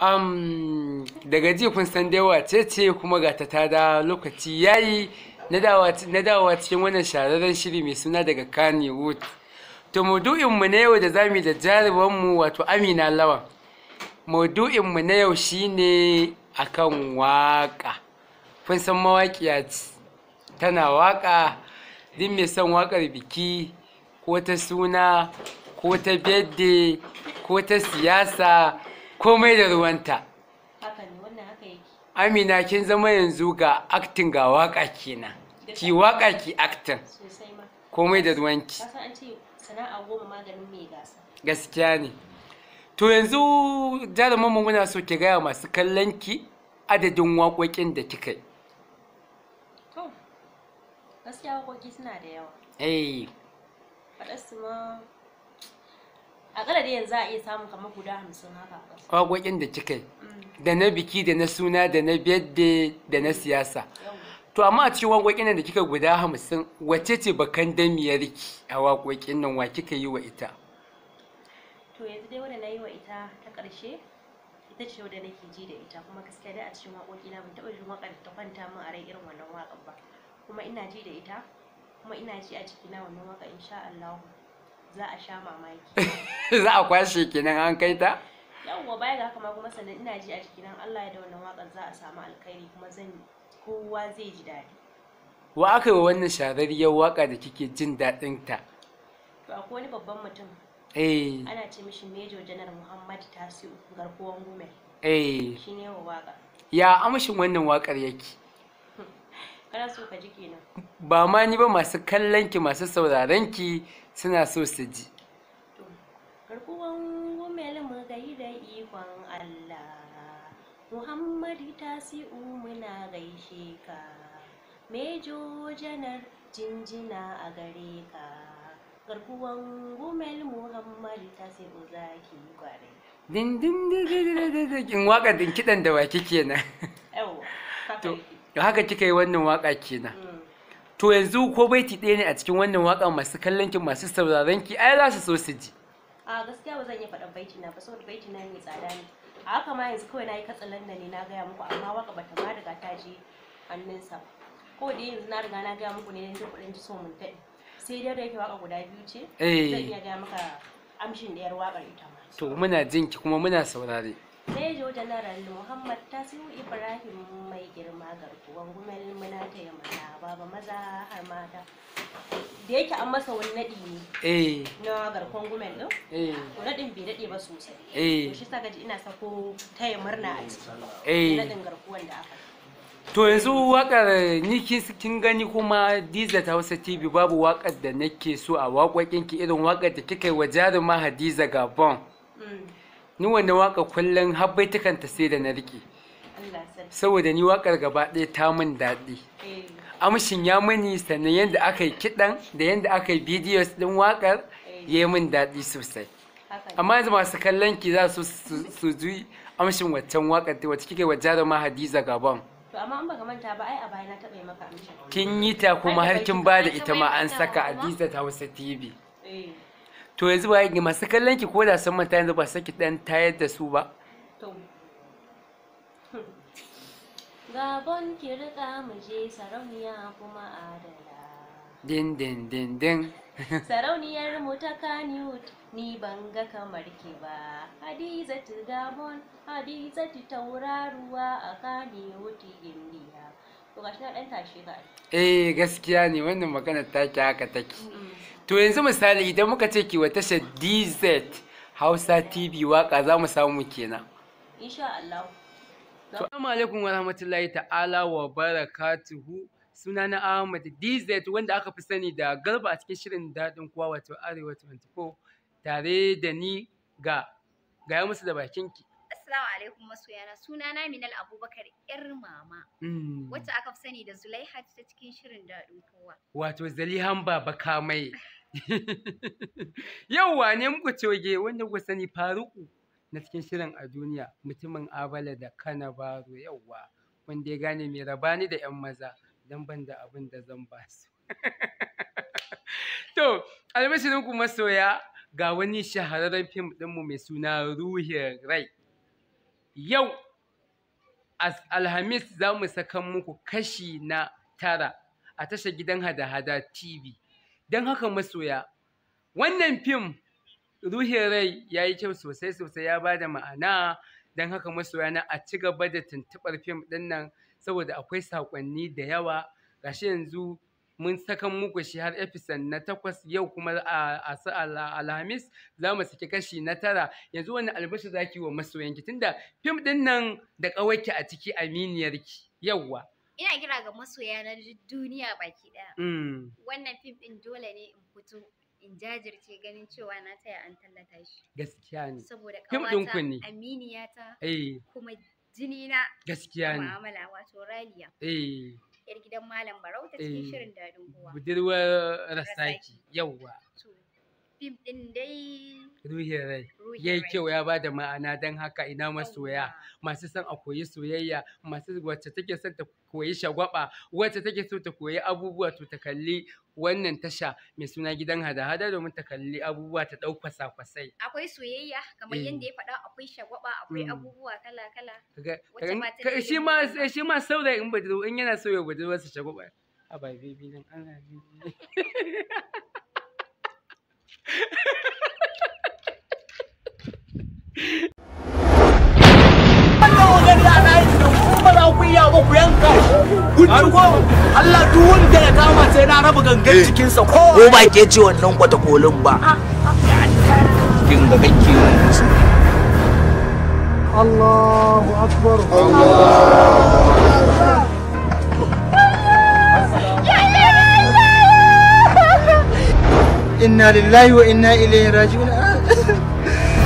um, daga jiya kun san dai wace ce kuma ga ta tada lokaci yayi na dawowa cikin wannan shahararren shiri mai suna daga Kanye Wood. To maudu'inmu na yau da za yi da jaruban mu wato Amina Lawan. Maudu'in na yau shine akan waka. Kun san mawaƙiya ce tana waka duk mai son waƙar biki ko ta suna ko ta bedde ko ta siyasa komai da ruwanta amina kin zama yanzu ga acting ga waka kenan ki waka ki acting komai da ruwanki an ce goma maganin mai gasa. gaskiya ne to yanzu jaruman mu muna so ki gaya masu kallonki adadin waƙoƙin da kika yi To, gaskiya waƙoƙi suna da yawa eh faɗa su ma akalla da yanzu za a iya samun kamar guda hamsin haka waƙoƙin da kika yi mm. da na biki da na suna da na bedde da na siyasa to amma a cikin waƙoƙin da kika guda hamsin wace ce bakan miyarki a waƙoƙin nan wa kika yi wa ita to yanzu dai wanda na yi wa ita ta ƙarshe ita ce wanda nake ji da ita kuma gaskiya dai a cikin waƙoƙi na ban taɓa jin waƙar ta kwanta min a rai irin wannan waƙar ba kuma ina ji da ita kuma ina ji a cikina wannan waƙar insha Allah za a sha mamaki za a kwashe kenan an kai ta yawwa baya ga kama kuma sannan ina ji a jikina Allah ya da wannan waƙar za a samu alkhairi kuma zan kowa zai ji daɗi wa aka yi wannan shahararriyar waƙa da kike jin daɗin ta to akwai wani babban mutum eh ana ce mishi Major General Muhammad Tasiu garkuwan Gumel eh ne wa waƙa ya amshin wannan waƙar yake kana so ka ji kenan ba ma ni ba masu kallon ki masu sauraron ki suna so su ji garkuwan gumel mu gai da ikon Allah Muhammadu muna gaishe ka Mejo janar jinjina a gare ka garkuwan gumel Muhammadu uza ki kware din din din din din din da waki kenan yawa haka kika yi wannan waka kenan to yanzu ko baiti ɗaya ne a cikin wannan waka masu kallon ki masu sauraron ki ai za su so su ji a gaskiya ba zan yi faɗan baiti na ba saboda baiti na ne tsada ne a haka ma yanzu kawai na yi katsalan da ne na gaya muku amma waka bata ma daga ta je hannunsa ko da yanzu na riga na gaya muku ne yanzu kuɗin ji so mun taɗi sai dai da yake waka guda biyu ce zan eh. iya gaya maka amshin ɗayar wakar ita ma to muna jinki kuma muna saurare Major General Muhammad Tasiu Ibrahim mai girma garkuwan gumel muna ta baba maza har mata. Da yake an masa wani naɗi ne. Eh. Na garkuwan gumel ɗin. Eh. To naɗin bai daɗe ba sosai. Eh. Shi sa gaji ina sako taya murna a ciki. Eh. Naɗin garkuwan da aka. To yanzu wakar ni kin gani kuma Diza ta Hausa TV babu wakar da nake so a ki irin wakar da kika yi wa jaruma Hadiza Gabon. Mm. ni na waka kullum har baitukanta sai da na rike saboda ni wakar gaba ɗaya ta mun daɗi eh. amshin ya mani sannan yadda aka yi kiɗan da yadda aka yi bidiyos ɗin wakar eh. ya yi min daɗi sosai amma yanzu masu kallon ki za su su ji amshin waccan wakar ta wacce kike wa jaruma hadiza gaban to kin yi ta kuma har kin ba da ita ma an saka hadiza ta wasa tv eh. to yanzu ba yi masu kallon ki ko da sun manta yanzu ba su saki dan tayar da su ba to gabon ki rika mu je sarauniya kuma adala din din din din sarauniyar mu ta kaniwood ni ban ga kamar ki ba hadizatu gabon hadizatu tauraruwa a kaniwood indiya eh gaskiya ne wannan magana take haka take to yanzu misali idan muka ce ki wa tashar DZ Hausa TV waka za mu samu kenan insha Allah Assalamu alaikum wa rahmatullahi ta'ala wa barakatuhu sunana Ahmad DZ wanda aka fi sani da Garba a cikin shirin daɗin kowa wato Arewa 24 tare da ni ga gaya musu da bakinki. Assalamu alaikum masoyana sunana Minal Abubakar yar mama mm. wacce aka fi sani da Zulaiha ta cikin shirin daɗin kowa. Wato Zalihan baba kamai. Yau ne muku coge wanda ku sani Faruku na cikin shirin a duniya mutumin Abala da Kana Baro wanda ya gane mai rabani da 'yan maza don ban da abin da zan ba su. To, ku masoya ga wani shahararren fim ɗinmu mai suna Ruhin Rai. yau alhamis za mu saka muku kashi na tara a tashar gidan hada-hada tv don haka masoya wannan fim ruhin rai ya yi kyau sosai sosai ya ba da ma'ana don haka masoya na a ci gaba da tuntuɓar fim ɗin nan saboda akwai saƙonni da yawa gashi yanzu mun sakan muku shi har episode na takwas yau kuma a alhamis za mu saki kashi na tara yanzu wani albashi za ki wa masoyanki tunda fim din nan da kawaki a ciki aminiyarki yauwa ina kira ga masoya na duniya baki ɗaya mm. wannan fim din dole ne in fito in jajirce ganin cewa na taya an tallata shi gaskiya ne saboda Aminiya aminiyata eh. kuma jini na gaskiya ne mu'amala wato raliya eh gidan Malam Barau ta cikin eh, shirin dadin kowa. Budurwar Rasaki, yauwa. fim dai ruhin rai ya yi kyau ya ba da ma'ana don haka ina masoya masu son a koyi soyayya masu wacce take son ta koyi shagwaba wacce take so ta koyi abubuwa to ta kalli wannan tasha mai suna gidan hada-hada domin ta kalli abubuwa ta ɗau kwasa-kwasai akwai soyayya kamar eh. yadda ya faɗa akwai shagwaba akwai mm. abubuwa kala-kala shi ma shi ma saurayin budurwa in yana so ya budurwa su shagwaba a bai bibi nan ana bibi kanka kun Allah duk wanda ya kama sai na raba gangan cikinsa eh. ko ko ba ke ce wannan kwata kolin ba ah, ah. kin ga kake musu Allahu akbar Allahu akbar inna lillahi wa inna ilaihi raji'un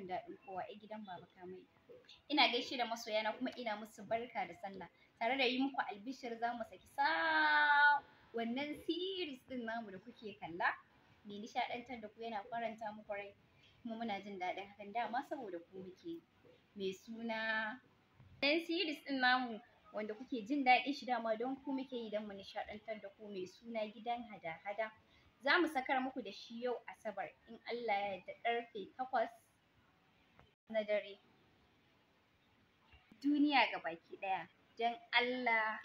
jin daɗin kowa ai eh, gidan baba kamai ina gaishe da masoya na kuma ina musu barka da sallah tare da yi muku albishir za mu saki sa wannan series din namu da kuke kalla mai nishaɗantar da ku yana faranta muku rai kuma muna jin daɗin hakan dama saboda ku muke mai suna wannan series din namu wanda kuke jin daɗin shi dama don ku muke yi don mu nishaɗantar da ku mai suna gidan hada-hada za mu sakar muku da shi yau asabar in Allah ya yarda ƙarfe takwas na dare duniya ga baki ɗaya don Allah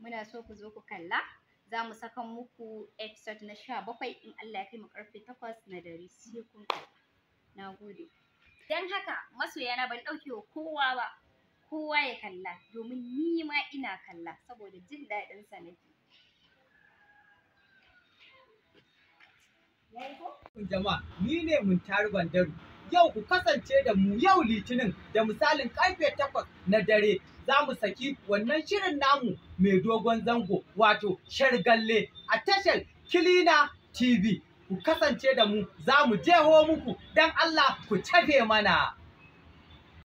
muna so ku zo ku kalla za mu saka muku episode na sha bakwai in Allah ya kai mu karfe takwas na dare sai kun na gode don haka masoyana ban ɗauke wa kowa ba kowa ya kalla domin ni ma ina kalla saboda jin daɗin sa nake Jama'a, ni ne mun taru daru? yau ku kasance da mu yau litinin da misalin karfe takwas na dare za mu saki wannan shirin namu mai dogon zango wato shargalle a tashar kilina tv ku kasance da mu za mu jeho muku don allah ku tafe mana